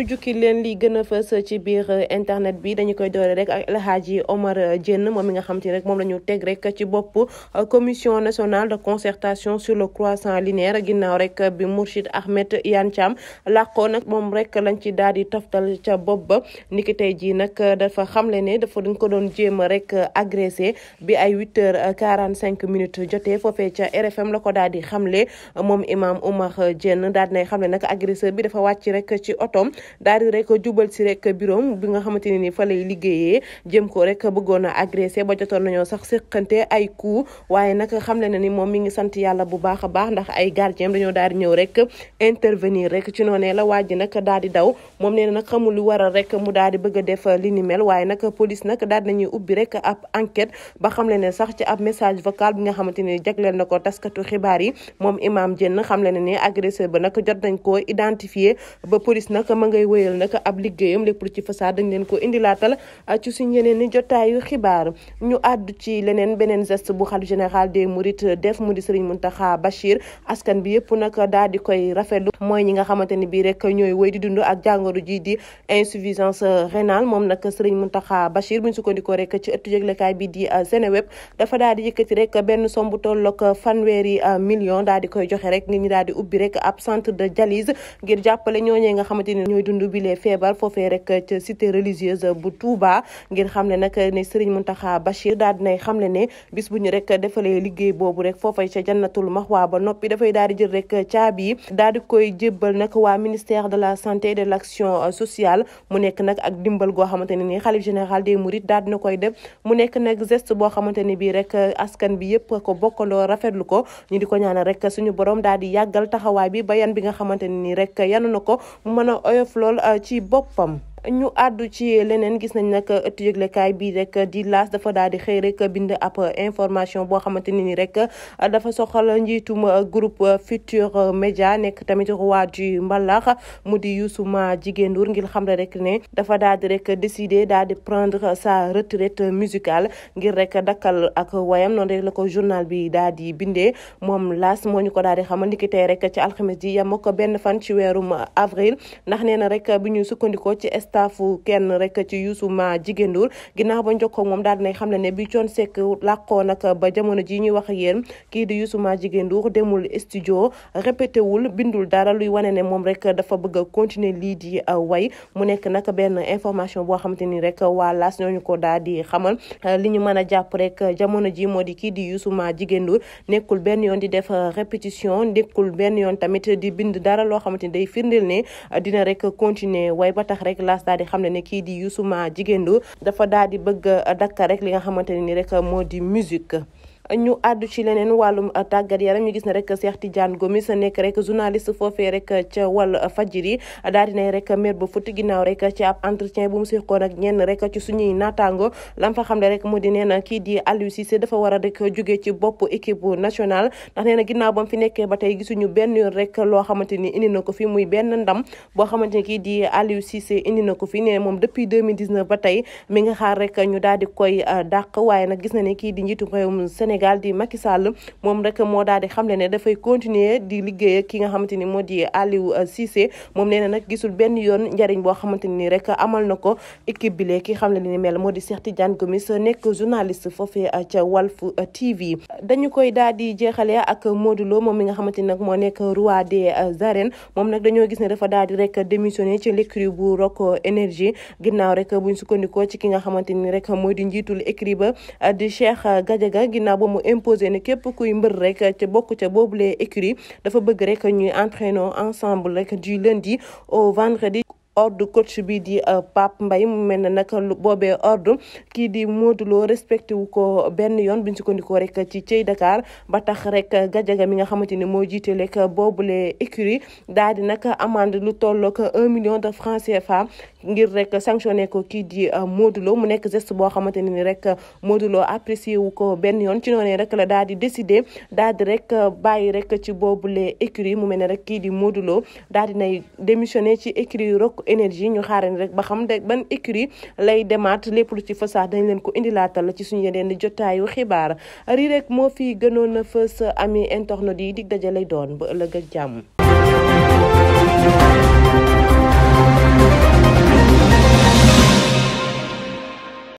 ñu jukki leen li gën a fës ci biir euh, internet bi dañu koy doore rek ak El Hadji Omar euh, Diène moom mi nga xam te rek moom la ñu teg rek ci bopp euh, commission nationale de concertation sur le croissant linéaire ginnaaw rek bi Mourchid Ahmed Iyane Thiam làqoo nag moom rek lañ ci daal di toftal ca bopp ba niki tey jii nag dafa xamle ne dafa dañ ko doon jéem rek agressé bi ay huit heures quarante cinq minutes jotee foofee ca RFM la ko daal di xamle moom Imam Omar Diène daal di nay xamle nag agresseur bi dafa wàcc rek ci otom daal di rek jubal si rek bureau bi nga xamante ne ni fa lay liggéeyee jëm ko rek bëggoon a agressé ba jotoon nañoo sax seqante ay coup waaye nag xam le na ni moom mi ngi sant yàlla bu baax a baax ndax ay gardien dañoo daal di ñëw rek intervenir rek ci noonee la waa ji nag daal di daw moom nee nag xamul lu waral rek mu daal di bëgg a def ni mel waaye nag police nag daal di ubbi rek ab enquête ba xam le ne sax ci ab message vocal bi nga xamante ni jagleel na ko taskatu xibaar yi moom imam Dieng xam le ne ni agresseur ba nag jot nañ koo identifier ba police nag ma koy wéyal nag ab liggéeyam lépp lu ci fasaa dañ leen ko indilaatal ah, ci suñ yeneen ni jotaayu xibaar ñu àddu ci leneen beneen geste bu xalif général des mourides def mu di Serigne Mountakha Bachir askan bi yëpp nag daal di koy rafetlu mooy ñi nga xamante ni bii rek ñooy woy di dund ak jàngoro ji di insuffisance rénale moom nag Serigne Mountakha Bachir buñ sukkandikoo rek ci ëttu yëglekaay bi di ah, Seneweb dafa daal di yëkkati rek benn somb tolloog fanweeri ah, million daal di koy joxe rek ngir di ubbi rek ab centre de dialyse dund bi lee feebar foofee rek ca cité religieuse bu Touba ngir xam ne nag ne Serigne Mountakha Bachir daal dinay xam ne ne bis bu ñu rek defalee liggéey boobu rek foofay ca jannatul maxwaa ba noppi dafay daal di jël rek caabi daal di koy jébbal nak waa ministère de la santé de laction action sociale mu nekk nag ak dimbal goo xamante ne nii xalif général des mourides daal dina koy def mu nekk nag geste boo xamante ne bii rek askan bi yëpp ko bokkandoo rafetlu ko ñu di ko ñaanal rek suñu borom daal di yàggal taxawaay bi bi nga xamante ne lool euh, ci boppam ñu àddu ci leneen gis nañ nag ëttu kaay bii rek di laas dafa daal di xëy rek bind ab information boo xamante ne nii rek dafa soxal njiitum groupe Futur Média nekk tamit roi du mbalax mu di Youssou Jigéen Ndour ngir xam rek ne dafa daal di rek décider di prendre sa retraite musicale ngir rek dakkal ak wayam noonu rek ko journal bi daal di bindee moom laas moo ñu ko daal di xamal niki tey rek ci alxames ji yem ko benn fan ci weerum avril ndax staffu kenn rek ci Youssouma Jigéen Ndour ginnaaw ba njokkoog moom daal dinay xam ne ne bi Thione Seck làqoo nag ba jamono ji ñuy wax yéen kii di Youssouma Jigéen Ndour demul studio répété wul bindul dara luy wane ne moom rek dafa bëgg a continuer lii di uh, way mu nekk nag benn information boo xamante ni rek waa laas ñooñu ko daal di xamal uh, li ñu mën a jàpp rek jamono ji moo di kii di Youssouma Jigéen Ndour nekkul benn yoon di def uh, répétition nekkul benn yoon tamit di bind dara loo xamante ni day firndeel ne dina rek continuer way ba Fass di xam ne ne kii di Youssou Ndour jigéen dafa daal di bëgg a dakk rek li nga xamante ne ni rek moo di musique ñu àddu ci leneen wàllum tàggat yaram ñu gis na rek Cheikh Tidiane Gomis nekk rek journaliste foofee rek ca wàll fajiri daal dinay rek mer ba futti ginnaaw rek ci ab entretien bu mu seqoon ak ñenn rek ci suñuy naataango lam fa xam ne rek mu di nee na kii di Aliou Cissé dafa war a rek jóge ci bopp équipe nationale ndax nee ginnaaw ba mu fi nekkee ba tey gisuñu benn yoon rek loo xamante ni indi na ko fi muy benn ndam boo xamante kii di Aliou Cissé indi na ko fi nee na moom depuis 2019 ba tey mi nga xaar rek ñu daal di koy dàq waaye nag gis na ne kii di njiitu réewum Sénégal Sénégal di Macky Sall moo daal di xamle ne dafay continuer ki nga xamante ni moo di Aliou na nag gisul benn yoon njariñ boo xamante ni rek amal na ko bi léegi xam ne li ni mel moo di Cheikh Tidiane Gomis nekk journaliste foofee ca Walf TV dañu koy daal di jeexalee ak Modou moom mi nga xamante ni nag moo nekk roi des arènes moom nag dañoo gis ne dafa daal di rek démissionné ci l'écurie bu Rock Énergie ginnaaw rek buñ sukkandikoo ci ki nga xamante ni rek mooy di njiitul écurie ba di Cheikh Gadiaga ginnaaw mu imposé ne képp kuy mbër rek ca bokk ca boobule écurie dafa bëgg rek ñuy entraînons ensemble rek du lundi au vendredi. ordre coach bi di euh, Pape mbay mu mel ne nag boobee ordre kii di Modou Lo respecté wu ko benn yoon biñ sukkandikoo rek ci cey Dakar ba tax rek gajaga mi nga xamante ni moo jiite boobu boobule écurie daal di nag amande lu tolloog un million de francs CFA ngir rek sanctionné ko kii di euh, Modou Lo mu nekk geste boo xamante ne ni rek euh, Modou Lo wu ko benn yoon ci noonu rek la daal di décidé daal di rek euh, bàyyi rek ci boobule écurie mu mel ne rek kii di Modou Lo daal di nay démissionné ci écurie Rock Énergie ñu xaarandi rek ba xam de ban écurie lay demaat lépp lu ci fasax dañ leen ko indilaatal la ci suñu yeneen jotaayu xibaar ri rek moo fi gënoon a fës ami internet yi di daje doon ba ëllëg ak jàmm.